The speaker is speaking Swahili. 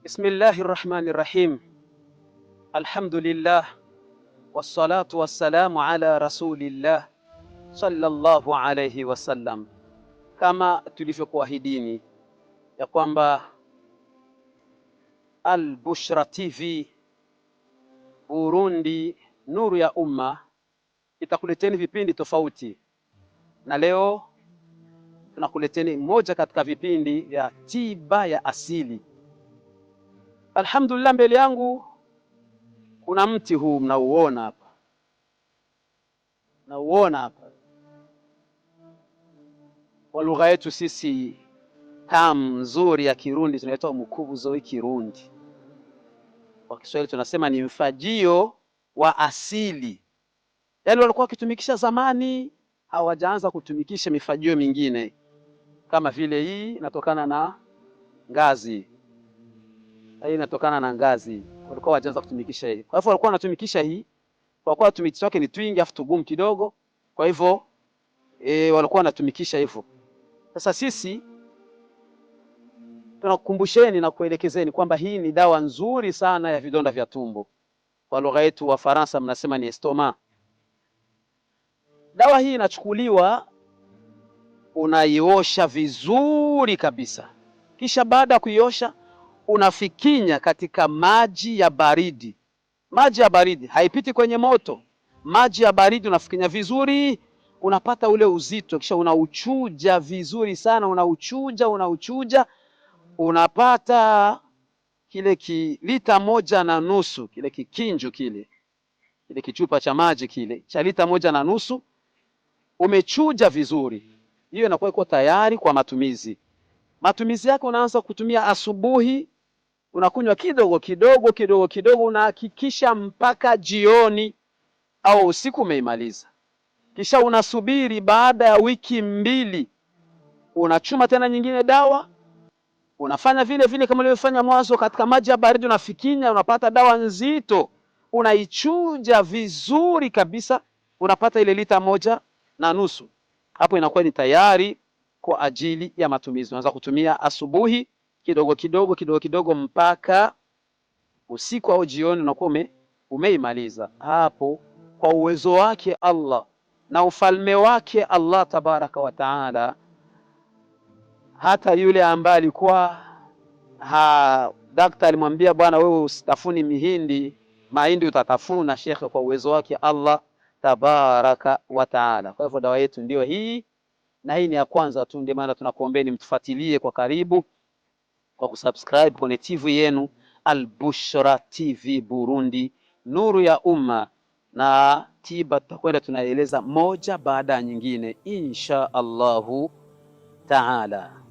Bismillahi rahmani rahim, alhamdulillah wassalatu wassalamu ala rasulillah sallallahu alayhi wasallam. Kama tulivyokuahidini ya kwamba Al-Bushra TV Burundi, nuru ya umma, itakuleteni vipindi tofauti, na leo tunakuleteni moja katika vipindi vya tiba ya asili. Alhamdulillah, mbele yangu kuna mti huu mnauona hapa, mnauona hapa, kwa lugha yetu sisi tamu nzuri ya Kirundi tunaitwa mukubuzo wa Kirundi, kwa Kiswahili tunasema ni mfajio wa asili. Yaani walikuwa wakitumikisha zamani, hawajaanza kutumikisha mifajio mingine kama vile hii inatokana na ngazi, hii inatokana na ngazi, walikuwa wajaanza kutumikisha hii. Kwa hivyo walikuwa wanatumikisha hii kwa kuwa tumiti wake ni twingi afu tugumu kidogo, kwa hivyo e, walikuwa wanatumikisha hivyo. Sasa sisi tunakukumbusheni na kuelekezeni kwamba hii ni dawa nzuri sana ya vidonda vya tumbo, kwa lugha yetu wa Faransa mnasema ni estoma. Dawa hii inachukuliwa unaiosha vizuri kabisa, kisha baada ya kuiosha unafikinya katika maji ya baridi. Maji ya baridi haipiti kwenye moto, maji ya baridi unafikinya vizuri, unapata ule uzito, kisha unauchuja vizuri sana, unauchuja unauchuja, unapata kile kilita moja na nusu, kile kikinju kile kile kichupa cha maji kile cha lita moja na nusu umechuja vizuri hiyo inakuwa iko tayari kwa matumizi. Matumizi yake unaanza kutumia asubuhi, unakunywa kidogo kidogo kidogo kidogo, unahakikisha mpaka jioni au usiku umeimaliza, kisha unasubiri baada ya wiki mbili, unachuma tena nyingine dawa unafanya vile vile kama ulivyofanya mwanzo, katika maji ya baridi unafikinya, unapata dawa nzito, unaichuja vizuri kabisa, unapata ile lita moja na nusu hapo inakuwa ni tayari kwa ajili ya matumizi. Unaweza kutumia asubuhi kidogo kidogo kidogo kidogo mpaka usiku au jioni, unakuwa ume, umeimaliza hapo. Kwa uwezo wake Allah na ufalme wake Allah tabaraka wa taala, hata yule ambaye alikuwa ha daktari alimwambia bwana, wewe usitafuni mihindi mahindi utatafuna. Shekhe, kwa uwezo wake Allah tabaraka wa taala. Kwa hivyo dawa yetu ndiyo hii, na hii ni ya kwanza tu, ndio maana tunakuombeni mtufuatilie kwa karibu kwa kusubscribe kwenye TV yenu Albushra TV Burundi, nuru ya umma, na tiba tutakwenda tunaeleza moja baada ya nyingine insha Allahu taala.